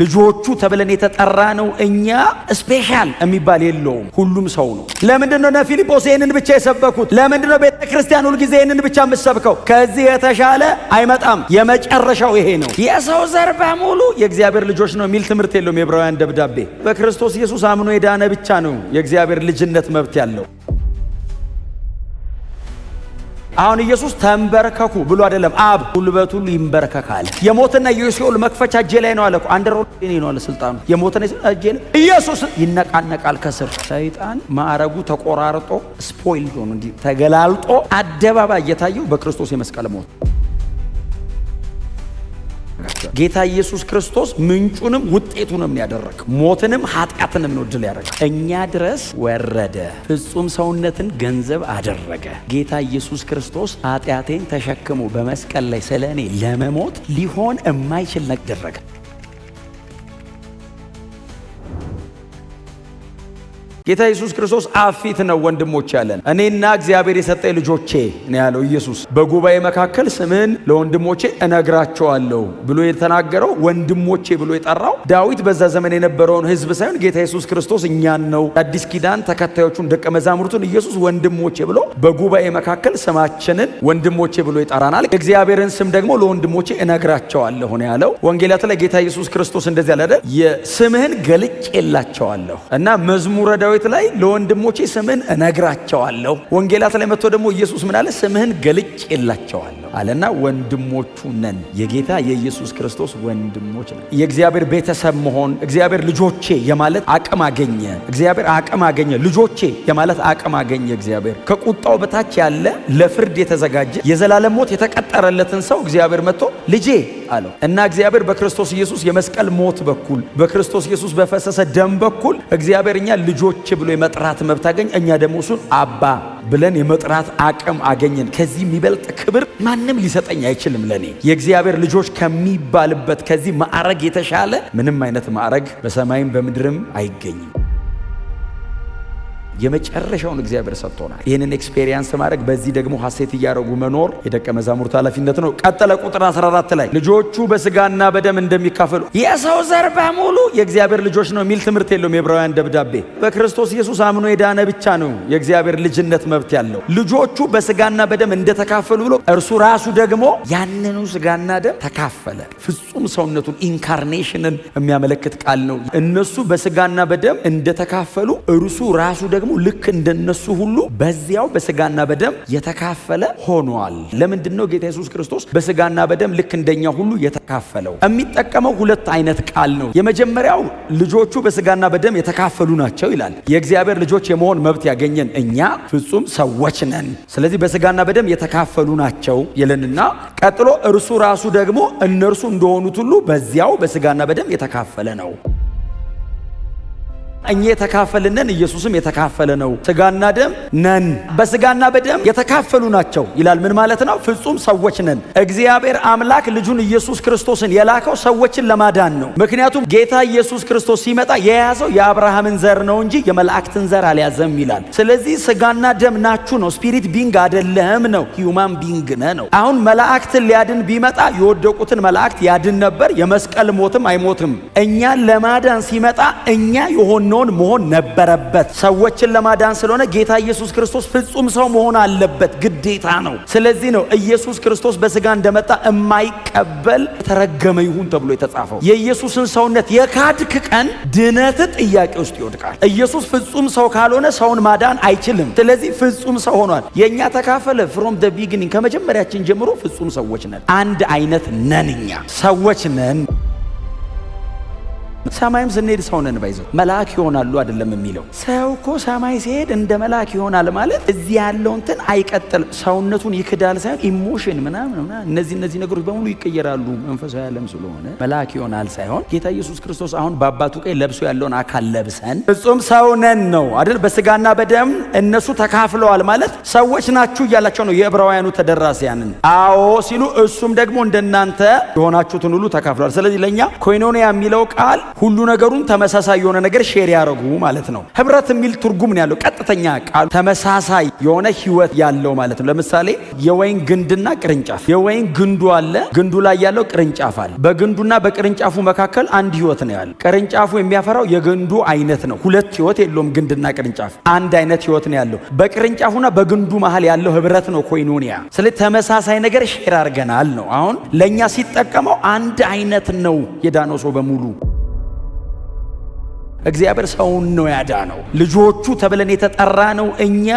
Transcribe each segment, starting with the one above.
ልጆቹ ተብለን የተጠራ ነው። እኛ ስፔሻል የሚባል የለውም፣ ሁሉም ሰው ነው። ለምንድን ነው እነ ፊልጶስ ይህንን ብቻ የሰበኩት? ለምንድን ነው ቤተ ክርስቲያን ሁልጊዜ ይህንን ብቻ የምትሰብከው? ከዚህ የተሻለ አይመጣም። የመጨረሻው ይሄ ነው። የሰው ዘር በሙሉ የእግዚአብሔር ልጆች ነው የሚል ትምህርት የለውም። የዕብራውያን ደብዳቤ በክርስቶስ ኢየሱስ አምኖ የዳነ ብቻ ነው የእግዚአብሔር ልጅነት መብት ያለው። አሁን ኢየሱስ ተንበርከኩ ብሎ አይደለም። አብ ጉልበት ሁሉ ይንበርከካል። የሞትና የሲኦል መክፈቻ እጄ ላይ ነው አለ እኮ አንደሮ እኔ ነው አለ ስልጣኑ። የሞትና እጄ ላይ ኢየሱስ ይነቃነቃል ከስር። ሰይጣን ማዕረጉ ተቆራርጦ ስፖይል ሆኖ እንዲህ ተገላልጦ አደባባይ እየታየው በክርስቶስ የመስቀል ሞት ጌታ ኢየሱስ ክርስቶስ ምንጩንም ውጤቱንም ያደረግ ሞትንም ኃጢአትንም ነው ድል ያደረገ እኛ ድረስ ወረደ፣ ፍጹም ሰውነትን ገንዘብ አደረገ። ጌታ ኢየሱስ ክርስቶስ ኃጢአቴን ተሸክሞ በመስቀል ላይ ስለ እኔ ለመሞት ሊሆን የማይችል ነገር አደረገ። ጌታ ኢየሱስ ክርስቶስ አፊት ነው ወንድሞች ያለን። እኔና እግዚአብሔር የሰጠኝ ልጆቼ ነው ያለው ኢየሱስ። በጉባኤ መካከል ስምን ለወንድሞቼ እነግራቸዋለሁ ብሎ የተናገረው ወንድሞቼ ብሎ የጠራው ዳዊት በዛ ዘመን የነበረውን ህዝብ ሳይሆን ጌታ ኢየሱስ ክርስቶስ እኛን ነው። አዲስ ኪዳን ተከታዮቹን ደቀ መዛሙርቱን ኢየሱስ ወንድሞቼ ብሎ በጉባኤ መካከል ስማችንን ወንድሞቼ ብሎ ይጠራናል። እግዚአብሔርን ስም ደግሞ ለወንድሞቼ እነግራቸዋለሁ ነው ያለው። ወንጌላት ላይ ጌታ ኢየሱስ ክርስቶስ እንደዚህ አለ የስምህን ገልጬላቸዋለሁ እና መዝሙረ ዳዊት ላይ ለወንድሞቼ ስምህን እነግራቸዋለሁ። ወንጌላት ላይ መጥቶ ደግሞ ኢየሱስ ምን አለ? ስምህን ገልጭ የላቸዋለሁ አለና ወንድሞቹ ነን። የጌታ የኢየሱስ ክርስቶስ ወንድሞች ነን። የእግዚአብሔር ቤተሰብ መሆን እግዚአብሔር ልጆቼ የማለት አቅም አገኘ። እግዚአብሔር አቅም አገኘ። ልጆቼ የማለት አቅም አገኘ። እግዚአብሔር ከቁጣው በታች ያለ ለፍርድ የተዘጋጀ የዘላለም ሞት የተቀጠረለትን ሰው እግዚአብሔር መጥቶ ልጄ አለው እና እግዚአብሔር በክርስቶስ ኢየሱስ የመስቀል ሞት በኩል በክርስቶስ ኢየሱስ በፈሰሰ ደም በኩል እግዚአብሔር እኛ ልጆች ብሎ የመጥራት መብት አገኝ። እኛ ደግሞ እሱን አባ ብለን የመጥራት አቅም አገኘን። ከዚህ የሚበልጥ ክብር ማንም ሊሰጠኝ አይችልም። ለኔ የእግዚአብሔር ልጆች ከሚባልበት ከዚህ ማዕረግ የተሻለ ምንም አይነት ማዕረግ በሰማይም በምድርም አይገኝም። የመጨረሻውን እግዚአብሔር ሰጥቶናል። ይህንን ኤክስፔሪየንስ ማድረግ፣ በዚህ ደግሞ ሀሴት እያደረጉ መኖር የደቀ መዛሙርት ኃላፊነት ነው። ቀጠለ ቁጥር 14 ላይ ልጆቹ በስጋና በደም እንደሚካፈሉ የሰው ዘር በሙሉ የእግዚአብሔር ልጆች ነው የሚል ትምህርት የለውም። የዕብራውያን ደብዳቤ በክርስቶስ ኢየሱስ አምኖ የዳነ ብቻ ነው የእግዚአብሔር ልጅነት መብት ያለው። ልጆቹ በስጋና በደም እንደተካፈሉ ብሎ እርሱ ራሱ ደግሞ ያንኑ ስጋና ደም ተካፈለ። ፍጹም ሰውነቱን ኢንካርኔሽንን የሚያመለክት ቃል ነው። እነሱ በስጋና በደም እንደተካፈሉ እርሱ ራሱ ደግሞ ደግሞ ልክ እንደነሱ ሁሉ በዚያው በስጋና በደም የተካፈለ ሆኗል። ለምንድን ነው ጌታ የሱስ ክርስቶስ በስጋና በደም ልክ እንደኛ ሁሉ የተካፈለው? የሚጠቀመው ሁለት አይነት ቃል ነው። የመጀመሪያው ልጆቹ በስጋና በደም የተካፈሉ ናቸው ይላል። የእግዚአብሔር ልጆች የመሆን መብት ያገኘን እኛ ፍጹም ሰዎች ነን። ስለዚህ በስጋና በደም የተካፈሉ ናቸው ይልንና ቀጥሎ እርሱ ራሱ ደግሞ እነርሱ እንደሆኑት ሁሉ በዚያው በስጋና በደም የተካፈለ ነው። እኛ የተካፈልነን ኢየሱስም የተካፈለ ነው። ስጋና ደም ነን፣ በስጋና በደም የተካፈሉ ናቸው ይላል። ምን ማለት ነው? ፍጹም ሰዎች ነን። እግዚአብሔር አምላክ ልጁን ኢየሱስ ክርስቶስን የላከው ሰዎችን ለማዳን ነው። ምክንያቱም ጌታ ኢየሱስ ክርስቶስ ሲመጣ የያዘው የአብርሃምን ዘር ነው እንጂ የመላእክትን ዘር አልያዘም ይላል። ስለዚህ ስጋና ደም ናችሁ ነው። ስፒሪት ቢንግ አደለህም ነው። ሂዩማን ቢንግ ነ ነው። አሁን መላእክትን ሊያድን ቢመጣ የወደቁትን መላእክት ያድን ነበር። የመስቀል ሞትም አይሞትም። እኛን ለማዳን ሲመጣ እኛ የሆን የሚኖን መሆን ነበረበት። ሰዎችን ለማዳን ስለሆነ ጌታ ኢየሱስ ክርስቶስ ፍጹም ሰው መሆን አለበት፣ ግዴታ ነው። ስለዚህ ነው ኢየሱስ ክርስቶስ በስጋ እንደመጣ የማይቀበል የተረገመ ይሁን ተብሎ የተጻፈው። የኢየሱስን ሰውነት የካድክ ቀን ድነት ጥያቄ ውስጥ ይወድቃል። ኢየሱስ ፍጹም ሰው ካልሆነ ሰውን ማዳን አይችልም። ስለዚህ ፍጹም ሰው ሆኗል። የእኛ ተካፈለ ፍሮም ደ ቢግኒንግ ከመጀመሪያችን ጀምሮ ፍጹም ሰዎች ነን። አንድ አይነት ነን። እኛ ሰዎች ነን። ሰማይም ስንሄድ ሰው ነን ባይዘው መልአክ ይሆናሉ አይደለም የሚለው ሰው እኮ ሰማይ ሲሄድ እንደ መልአክ ይሆናል ማለት እዚህ ያለው እንትን አይቀጥልም። ሰውነቱን ይክዳል ሳይሆን ኢሞሽን ምናምን እነዚህ እነዚህ ነገሮች በሙሉ ይቀየራሉ። መንፈሳዊ ዓለም ስለሆነ መልአክ ይሆናል ሳይሆን ጌታ ኢየሱስ ክርስቶስ አሁን በአባቱ ቀኝ ለብሶ ያለውን አካል ለብሰን ፍጹም ሰው ነን ነው አይደል? በስጋና በደም እነሱ ተካፍለዋል ማለት ሰዎች ናችሁ እያላቸው ነው የዕብራውያኑ ተደራሲያንን። አዎ ሲሉ እሱም ደግሞ እንደናንተ የሆናችሁትን ሁሉ ተካፍለዋል። ስለዚህ ለእኛ ኮይኖኒያ የሚለው ቃል ሁሉ ነገሩን ተመሳሳይ የሆነ ነገር ሼር ያደረጉ ማለት ነው። ህብረት የሚል ትርጉም ነው ያለው ቀጥተኛ ቃሉ ተመሳሳይ የሆነ ህይወት ያለው ማለት ነው። ለምሳሌ የወይን ግንድና ቅርንጫፍ፣ የወይን ግንዱ አለ፣ ግንዱ ላይ ያለው ቅርንጫፍ አለ። በግንዱና በቅርንጫፉ መካከል አንድ ህይወት ነው ያለው። ቅርንጫፉ የሚያፈራው የግንዱ አይነት ነው። ሁለት ህይወት የለውም። ግንድና ቅርንጫፍ አንድ አይነት ህይወት ነው ያለው። በቅርንጫፉና በግንዱ መሀል ያለው ህብረት ነው ኮይኖኒያ። ስለዚህ ተመሳሳይ ነገር ሼር አድርገናል ነው። አሁን ለእኛ ሲጠቀመው አንድ አይነት ነው የዳነው ሰው በሙሉ እግዚአብሔር ሰውን ነው ያዳነው። ልጆቹ ተብለን የተጠራ ነው። እኛ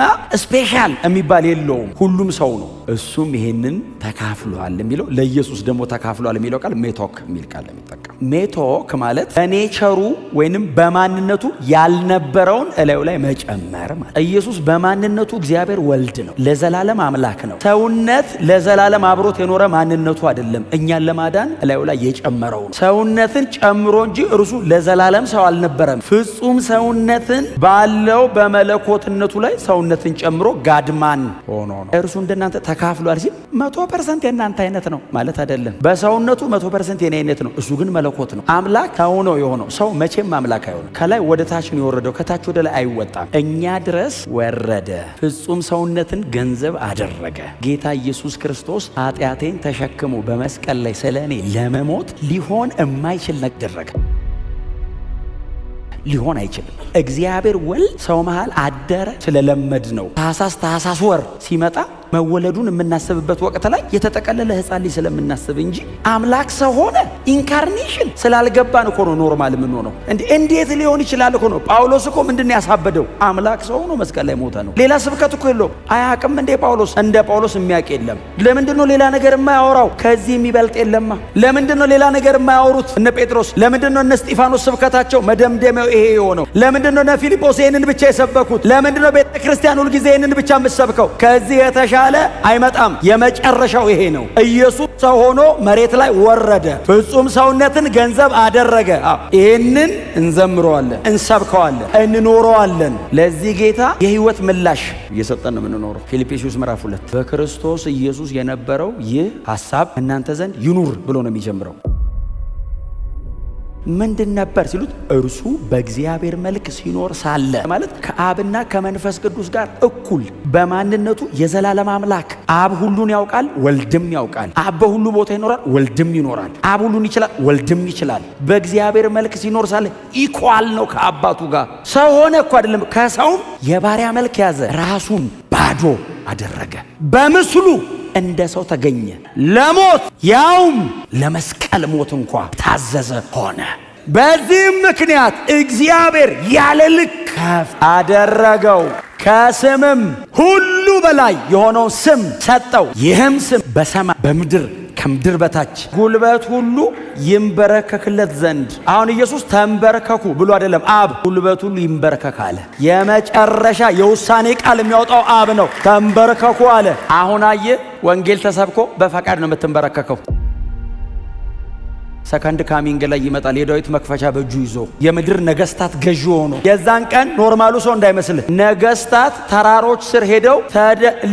ስፔሻል የሚባል የለውም። ሁሉም ሰው ነው። እሱም ይሄንን ተካፍሏል የሚለው ለኢየሱስ ደግሞ ተካፍሏል የሚለው ቃል ሜቶክ የሚል ቃል የሚጠቀም ሜቶክ ማለት በኔቸሩ ወይንም በማንነቱ ያልነበረውን እላዩ ላይ መጨመር ማለት። ኢየሱስ በማንነቱ እግዚአብሔር ወልድ ነው፣ ለዘላለም አምላክ ነው። ሰውነት ለዘላለም አብሮት የኖረ ማንነቱ አይደለም። እኛን ለማዳን እላዩ ላይ የጨመረው ነው። ሰውነትን ጨምሮ እንጂ እርሱ ለዘላለም ሰው አልነበረም። ፍጹም ሰውነትን ባለው በመለኮትነቱ ላይ ሰውነትን ጨምሮ ጋድማን ሆኖ ነው እርሱ እንደናንተ ተካፍሏል ሲል መቶ ፐርሰንት የእናንተ አይነት ነው ማለት አይደለም። በሰውነቱ መቶ ፐርሰንት የኔ አይነት ነው። እሱ ግን መለኮት ነው፣ አምላክ ነው የሆነው ሰው መቼም አምላክ አይሆንም። ከላይ ወደ ታች ነው የወረደው፣ ከታች ወደ ላይ አይወጣም። እኛ ድረስ ወረደ፣ ፍጹም ሰውነትን ገንዘብ አደረገ። ጌታ ኢየሱስ ክርስቶስ ኃጢአቴን ተሸክሞ በመስቀል ላይ ስለ እኔ ለመሞት ሊሆን የማይችል ነገር ሊሆን አይችልም። እግዚአብሔር ወልድ ሰው መሃል አደረ። ስለለመድ ነው ታህሳስ ታህሳስ ወር ሲመጣ መወለዱን የምናስብበት ወቅት ላይ የተጠቀለለ ህፃን ልጅ ስለምናስብ እንጂ አምላክ ሰው ሆነ ኢንካርኔሽን ስላልገባን እኮ ነው ኖርማል የምንሆነው። እንዴት ሊሆን ይችላል እኮ ነው። ጳውሎስ እኮ ምንድን ያሳበደው አምላክ ሰው ሆኖ መስቀል ላይ ሞተ ነው። ሌላ ስብከት እኮ የለውም። አያቅም እንዴ ጳውሎስ? እንደ ጳውሎስ የሚያውቅ የለም። ለምንድን ነው ሌላ ነገር የማያወራው? ከዚህ የሚበልጥ የለማ። ለምንድን ነው ሌላ ነገር የማያወሩት እነ ጴጥሮስ? ለምንድን ነው እነ እስጢፋኖስ ስብከታቸው መደምደሚያው ይሄ የሆነው? ለምንድን ነው እነ ፊልጶስ ይህንን ብቻ የሰበኩት? ለምንድን ነው ቤተ ክርስቲያን ሁልጊዜ ይህንን ብቻ የምትሰብከው? ከዚህ የተሻለ እያለ አይመጣም። የመጨረሻው ይሄ ነው። ኢየሱስ ሰው ሆኖ መሬት ላይ ወረደ፣ ፍጹም ሰውነትን ገንዘብ አደረገ። ይህንን እንዘምረዋለን፣ እንሰብከዋለን፣ እንኖረዋለን። ለዚህ ጌታ የህይወት ምላሽ እየሰጠን ነው የምንኖረው። ፊልጵስዩስ ምዕራፍ ሁለት በክርስቶስ ኢየሱስ የነበረው ይህ ሀሳብ እናንተ ዘንድ ይኑር ብሎ ነው የሚጀምረው። ምንድን ነበር ሲሉት እርሱ በእግዚአብሔር መልክ ሲኖር ሳለ ማለት ከአብና ከመንፈስ ቅዱስ ጋር እኩል በማንነቱ የዘላለም አምላክ አብ ሁሉን ያውቃል፣ ወልድም ያውቃል። አብ በሁሉ ቦታ ይኖራል፣ ወልድም ይኖራል። አብ ሁሉን ይችላል፣ ወልድም ይችላል። በእግዚአብሔር መልክ ሲኖር ሳለ ኢኳል ነው ከአባቱ ጋር። ሰው ሆነ እኮ አይደለም፣ ከሰውም የባሪያ መልክ ያዘ፣ ራሱን ባዶ አደረገ በምስሉ እንደ ሰው ተገኘ፣ ለሞት ያውም ለመስቀል ሞት እንኳ ታዘዘ ሆነ። በዚህም ምክንያት እግዚአብሔር ያለ ልክ ከፍ አደረገው፣ ከስምም ሁሉ በላይ የሆነውን ስም ሰጠው። ይህም ስም በሰማይ በምድር ከምድር በታች ጉልበት ሁሉ ይንበረከክለት ዘንድ። አሁን ኢየሱስ ተንበረከኩ ብሎ አይደለም። አብ ጉልበት ሁሉ ይንበረከክ አለ። የመጨረሻ የውሳኔ ቃል የሚያወጣው አብ ነው። ተንበረከኩ አለ። አሁን አየ፣ ወንጌል ተሰብኮ በፈቃድ ነው የምትንበረከከው። ሰከንድ ካሚንግ ላይ ይመጣል። የዳዊት መክፈቻ በእጁ ይዞ የምድር ነገስታት ገዢ ሆኖ የዛን ቀን ኖርማሉ ሰው እንዳይመስልህ። ነገስታት ተራሮች ስር ሄደው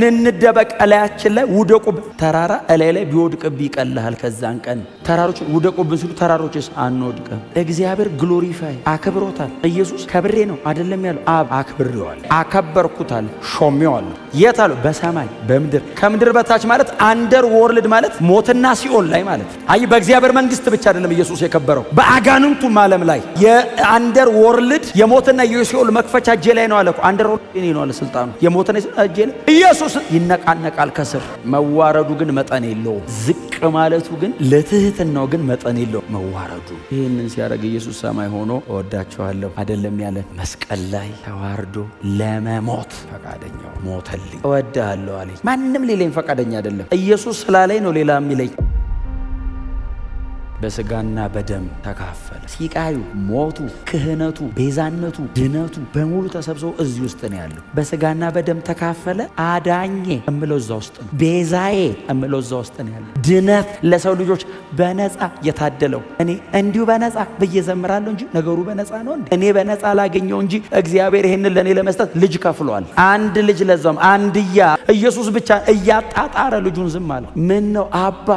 ልንደበቅ እላያችን ላይ ውደቁብን። ተራራ እላይ ላይ ቢወድቅብ ይቀልሃል። ከዛን ቀን ተራሮች ውደቁብን ሲሉ ተራሮችስ አንወድቅም። እግዚአብሔር ግሎሪፋይ አክብሮታል። ኢየሱስ ከብሬ ነው አደለም ያለው አብ አክብሬዋል፣ አከበርኩታል፣ ሾሜዋል የት አሉ? በሰማይ በምድር ከምድር በታች ማለት አንደር ወርልድ ማለት ሞትና ሲኦል ላይ ማለት። አይ በእግዚአብሔር መንግስት ብቻ አይደለም ኢየሱስ የከበረው በአጋንንቱ ዓለም ላይ የአንደር ወርልድ የሞትና የሲኦል መክፈቻ እጄ ላይ ነው አለ። አንደር ወርልድ እኔ ነው አለ ስልጣኑ የሞትና እጄ ላይ። ኢየሱስ ይነቃነቃል ከስር መዋረዱ ግን መጠን የለውም። ዝቅ ማለቱ ግን ለትህትናው ግን መጠን የለውም መዋረዱ። ይህንን ሲያደርግ ኢየሱስ ሰማይ ሆኖ እወዳቸዋለሁ አይደለም ያለ መስቀል ላይ ተዋርዶ ለመሞት ፈቃደኛ ሞተልኝ። እወድሃለሁ አለኝ። ማንም ሌላኝ ፈቃደኛ አይደለም። ኢየሱስ ስላለኝ ነው ሌላ የሚለኝ በስጋና በደም ተካፈለ። ሲቃዩ፣ ሞቱ፣ ክህነቱ፣ ቤዛነቱ፣ ድነቱ በሙሉ ተሰብስቦ እዚህ ውስጥ ነው ያለው። በስጋና በደም ተካፈለ። አዳኜ እምለው እዛ ውስጥ ነው። ቤዛዬ እምለው እዛ ውስጥ ነው ያለው። ድነት ለሰው ልጆች በነፃ የታደለው እኔ እንዲሁ በነፃ ብዬ ዘምራለሁ እንጂ ነገሩ በነፃ ነው እንዴ? እኔ በነፃ ላገኘው እንጂ እግዚአብሔር ይህንን ለእኔ ለመስጠት ልጅ ከፍሏል። አንድ ልጅ ለዛም አንድያ ኢየሱስ ብቻ እያጣጣረ ልጁን ዝም አለ። ምን ነው አባ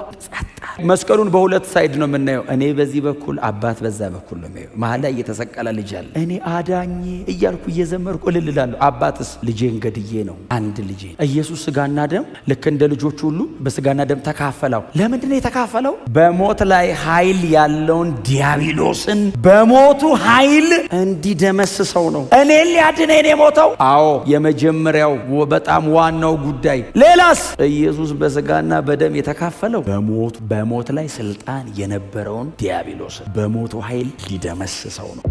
መስቀሉን በሁለት ሳይድ ነው የምናየው። እኔ በዚህ በኩል አባት በዛ በኩል ነው የሚየው። መሀል ላይ እየተሰቀለ ልጅ አለ። እኔ አዳኝ እያልኩ እየዘመርኩ እልልላለሁ። አባትስ ልጄን ገድዬ ነው አንድ ልጄ ኢየሱስ ስጋና ደም ልክ እንደ ልጆቹ ሁሉ በስጋና ደም ተካፈለው። ለምንድን ነው የተካፈለው? በሞት ላይ ኃይል ያለውን ዲያብሎስን በሞቱ ኃይል እንዲደመስሰው ነው። እኔን ኔ ሞተው አዎ የመጀመሪያው በጣም ዋናው ጉዳይ ሌላስ ኢየሱስ በስጋና በደም የተካፈለው በሞቱ በሞት ላይ ስልጣን የነበረውን ዲያብሎስን በሞቱ ኃይል ሊደመስሰው ነው።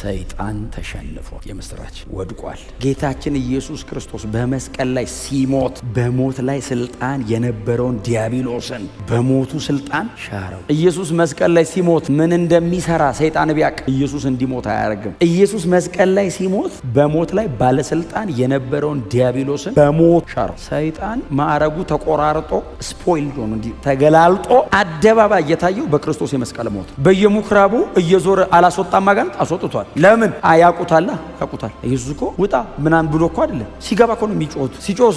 ሰይጣን ተሸንፎ የምስራች ወድቋል። ጌታችን ኢየሱስ ክርስቶስ በመስቀል ላይ ሲሞት በሞት ላይ ስልጣን የነበረውን ዲያብሎስን በሞቱ ስልጣን ሻረው። ኢየሱስ መስቀል ላይ ሲሞት ምን እንደሚሰራ ሰይጣን ቢያቅ ኢየሱስ እንዲሞት አያደርግም። ኢየሱስ መስቀል ላይ ሲሞት በሞት ላይ ባለስልጣን የነበረውን ዲያብሎስን በሞት ሻረው። ሰይጣን ማዕረጉ ተቆራርጦ ስፖይል እንዲ ተገላልጦ አደባባይ የታየው በክርስቶስ የመስቀል ሞት በየምኩራቡ እየዞረ አላስወጣም፣ አጋንንት አስወጥቷል። ተመቷል። ለምን አያቁታላ ያቁታል። ኢየሱስ እኮ ውጣ ምናምን ብሎ እኮ አይደለም ሲገባ እኮ ነው የሚጮሁት።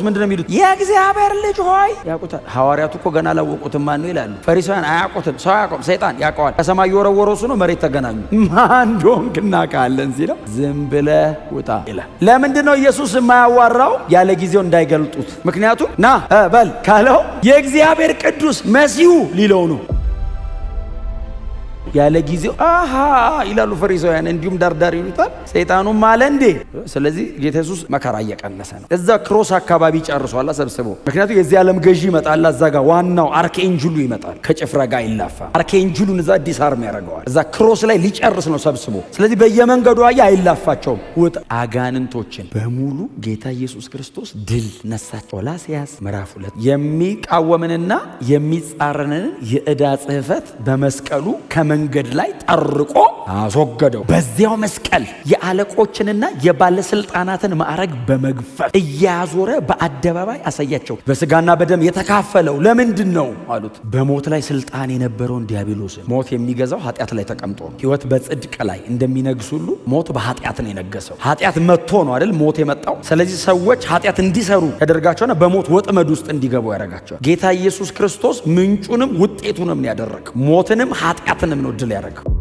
ምንድነው የሚሉት? የእግዚአብሔር ልጅ ሆይ ያቁታል። ሐዋርያቱ እኮ ገና አላወቁትም። ማን ነው ይላሉ። ፈሪሳውያን አያቁትም። ሰው አያቁም፣ ሰይጣን ያውቀዋል። ከሰማይ የወረወረው እሱ ነው። መሬት ተገናኙ። ማን እንደሆንክ እናውቃለን ሲለው ዝም ብለህ ውጣ ይላል። ለምንድን ነው ኢየሱስ የማያዋራው? ያለ ጊዜው እንዳይገልጡት። ምክንያቱም ና በል ካለው የእግዚአብሔር ቅዱስ መሲሁ ሊለው ነው። ያለ ጊዜው አሃ ይላሉ ፈሪሳውያን፣ እንዲሁም ዳርዳር ይሉታል። ሰይጣኑም አለ እንዴ። ስለዚህ ጌታ ኢየሱስ መከራ እየቀነሰ ነው። እዛ ክሮስ አካባቢ ጨርሷላ ሰብስቦ። ምክንያቱም የዚህ ዓለም ገዢ ይመጣል። እዛ ጋር ዋናው አርኬንጅሉ ይመጣል። ከጭፍራ ጋር ይላፋ አርኬንጅሉን እዛ ዲስአርም ያደርገዋል። እዛ ክሮስ ላይ ሊጨርስ ነው ሰብስቦ። ስለዚህ በየመንገዱ አየህ፣ አይላፋቸውም። ውጣ አጋንንቶችን በሙሉ ጌታ ኢየሱስ ክርስቶስ ድል ነሳቸው። ቆላስይስ ምዕራፍ ሁለት የሚቃወምንና የሚጻረንን የዕዳ ጽህፈት በመስቀሉ ከመን መንገድ ላይ ጠርቆ አስወገደው። በዚያው መስቀል የአለቆችንና የባለስልጣናትን ማዕረግ በመግፈፍ እያዞረ በአደባባይ አሳያቸው። በስጋና በደም የተካፈለው ለምንድን ነው አሉት። በሞት ላይ ስልጣን የነበረውን ዲያብሎስን ሞት የሚገዛው ኃጢአት ላይ ተቀምጦ ነው። ህይወት በጽድቅ ላይ እንደሚነግስ ሁሉ ሞት በኃጢአት ነው የነገሰው። ኃጢአት መጥቶ ነው አይደል ሞት የመጣው። ስለዚህ ሰዎች ኃጢአት እንዲሰሩ ያደርጋቸውና በሞት ወጥመድ ውስጥ እንዲገቡ ያደርጋቸዋል። ጌታ ኢየሱስ ክርስቶስ ምንጩንም ውጤቱንም ያደረግ ሞትንም ኃጢአትንም ነው እድል ያደረገው።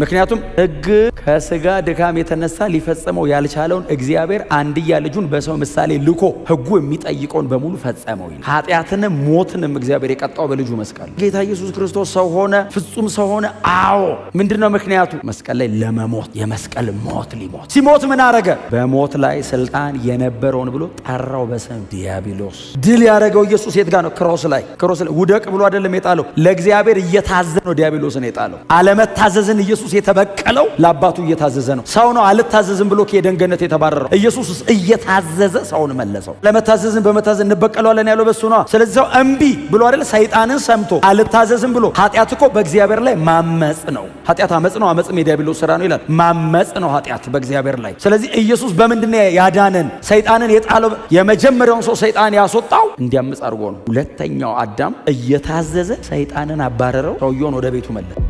ምክንያቱም ሕግ ከስጋ ድካም የተነሳ ሊፈጸመው ያልቻለውን እግዚአብሔር አንድያ ልጁን በሰው ምሳሌ ልኮ ሕጉ የሚጠይቀውን በሙሉ ፈጸመው ይል ኃጢአትንም ሞትንም እግዚአብሔር የቀጣው በልጁ መስቀል። ጌታ ኢየሱስ ክርስቶስ ሰው ሆነ፣ ፍጹም ሰው ሆነ። አዎ ምንድን ነው ምክንያቱ? መስቀል ላይ ለመሞት የመስቀል ሞት ሊሞት ሲሞት ምን አረገ? በሞት ላይ ስልጣን የነበረውን ብሎ ጠራው በስም ዲያብሎስ። ድል ያደረገው ኢየሱስ የት ጋር ነው? ክሮስ ላይ ክሮስ ላይ ውደቅ ብሎ አይደለም የጣለው፣ ለእግዚአብሔር እየታዘዘ ነው ዲያብሎስን የጣለው። አለመታዘዝን ኢየሱስ ኢየሱስ የተበቀለው ለአባቱ እየታዘዘ ነው። ሰው ነው አልታዘዝም ብሎ ከኤደን ገነት የተባረረው። ኢየሱስ እየታዘዘ ሰውን መለሰው። ለመታዘዝን በመታዘዝ እንበቀለዋለን ያለው በሱ ነው። ስለዚህ ሰው እምቢ ብሎ አይደል ሰይጣንን ሰምቶ አልታዘዝም ብሎ። ኃጢአት እኮ በእግዚአብሔር ላይ ማመፅ ነው። ኃጢአት አመፅ ነው። ሜዲያ ቢሎ ስራ ነው ይላል። ማመፅ ነው ኃጢአት በእግዚአብሔር ላይ። ስለዚህ ኢየሱስ በምንድን ያዳነን? ሰይጣንን የጣለው የመጀመሪያውን ሰው ሰይጣን ያስወጣው እንዲያምፅ አድርጎ ነው። ሁለተኛው አዳም እየታዘዘ ሰይጣንን አባረረው። ሰውየውን ወደ ቤቱ መለሰ።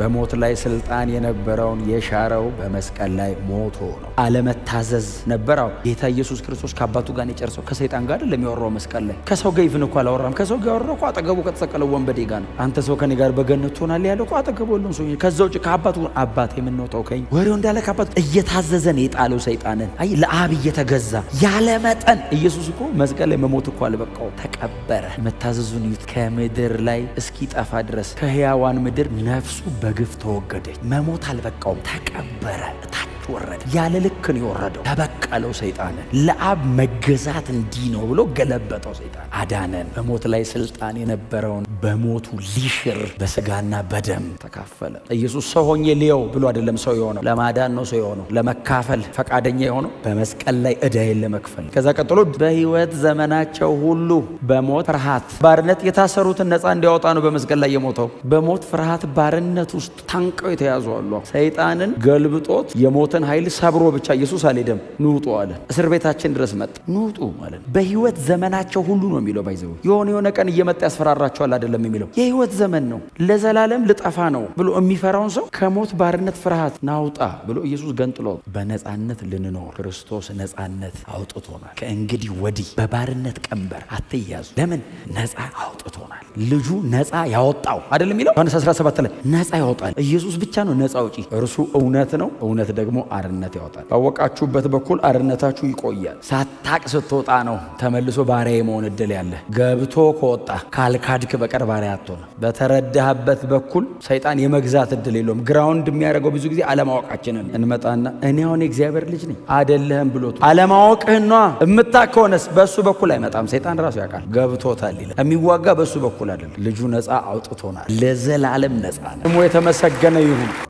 በሞት ላይ ስልጣን የነበረውን የሻረው በመስቀል ላይ ሞቶ ነው። አለመታዘዝ ነበረው። ጌታ ኢየሱስ ክርስቶስ ከአባቱ ጋር የጨርሰው ከሰይጣን ጋር አይደለም ያወራው። መስቀል ላይ ከሰው ጋር ይፍን እኮ አላወራም። ከሰው ጋር ያወራው እኮ አጠገቡ ከተሰቀለው ወንበዴ ጋር ነው። አንተ ሰው ከኔ ጋር በገነት ትሆናል ያለው እኮ አጠገቡ ሁሉም ሰው ከዛ ውጭ ከአባቱ አባት የምንወጣው ከኝ ወሬው እንዳለ ከአባቱ እየታዘዘ ነው የጣለው ሰይጣንን። አይ ለአብ እየተገዛ ያለመጠን ኢየሱስ እኮ መስቀል ላይ መሞት እኮ አልበቃው፣ ተቀበረ። መታዘዙን ከምድር ላይ እስኪጠፋ ድረስ ከህያዋን ምድር ነፍሱ በግፍ ተወገደች። መሞት አልበቃውም፣ ተቀበረ፣ እታች ወረደ። ያለ ልክ ነው የወረደው። ተበቀለው ሰይጣን። ለአብ መገዛት እንዲህ ነው ብሎ ገለበጠው ሰይጣን። አዳነን። በሞት ላይ ስልጣን የነበረውን በሞቱ ሊሽር በስጋና በደም ተካፈለ። ኢየሱስ ሰው ሆኜ ልየው ብሎ አይደለም ሰው የሆነው፣ ለማዳን ነው ሰው የሆነው፣ ለመካፈል ፈቃደኛ የሆነው በመስቀል ላይ እዳይን ለመክፈል። ከዛ ቀጥሎ በህይወት ዘመናቸው ሁሉ በሞት ፍርሃት ባርነት የታሰሩትን ነፃ እንዲያወጣ ነው በመስቀል ላይ የሞተው። በሞት ፍርሃት ባርነት በኃጢአት ውስጥ ታንቀው የተያዙ አሉ። ሰይጣንን ገልብጦት የሞተን ኃይል ሰብሮ ብቻ ኢየሱስ አልሄደም፣ ንውጡ አለ። እስር ቤታችን ድረስ መጣ። ንውጡ ማለት በህይወት ዘመናቸው ሁሉ ነው የሚለው ባይዘው የሆነ የሆነ ቀን እየመጣ ያስፈራራቸዋል አይደለም የሚለው የህይወት ዘመን ነው። ለዘላለም ልጠፋ ነው ብሎ የሚፈራውን ሰው ከሞት ባርነት ፍርሃት ናውጣ ብሎ ኢየሱስ ገንጥሎ በነፃነት ልንኖር ክርስቶስ ነፃነት አውጥቶናል። ከእንግዲህ ወዲህ በባርነት ቀንበር አትያዙ። ለምን ነፃ አውጥቶናል። ልጁ ነፃ ያወጣው አይደለም የሚለው ዮሐንስ 17 ላይ ነፃ ያወጣል። ኢየሱስ ብቻ ነው ነፃ አውጪ። እርሱ እውነት ነው። እውነት ደግሞ አርነት ያወጣል። ባወቃችሁበት በኩል አርነታችሁ ይቆያል። ሳታቅ ስትወጣ ነው ተመልሶ ባሪያ የመሆን እድል ያለ። ገብቶ ከወጣ ካልካድክ በቀር ባሪያ አትሆንም። በተረዳህበት በኩል ሰይጣን የመግዛት እድል የለውም። ግራውንድ የሚያደርገው ብዙ ጊዜ አለማወቃችንን እንመጣና እኔ አሁን የእግዚአብሔር ልጅ ነኝ አደለህም ብሎት አለማወቅህና የምታቅ ከሆነስ በእሱ በኩል አይመጣም። ሰይጣን ራሱ ያውቃል። ገብቶታል ይለ የሚዋጋ በእሱ በኩል አይደለም። ልጁ ነፃ አውጥቶናል። ለዘላለም ነፃ ነው። የተመሰገነ ይሁን።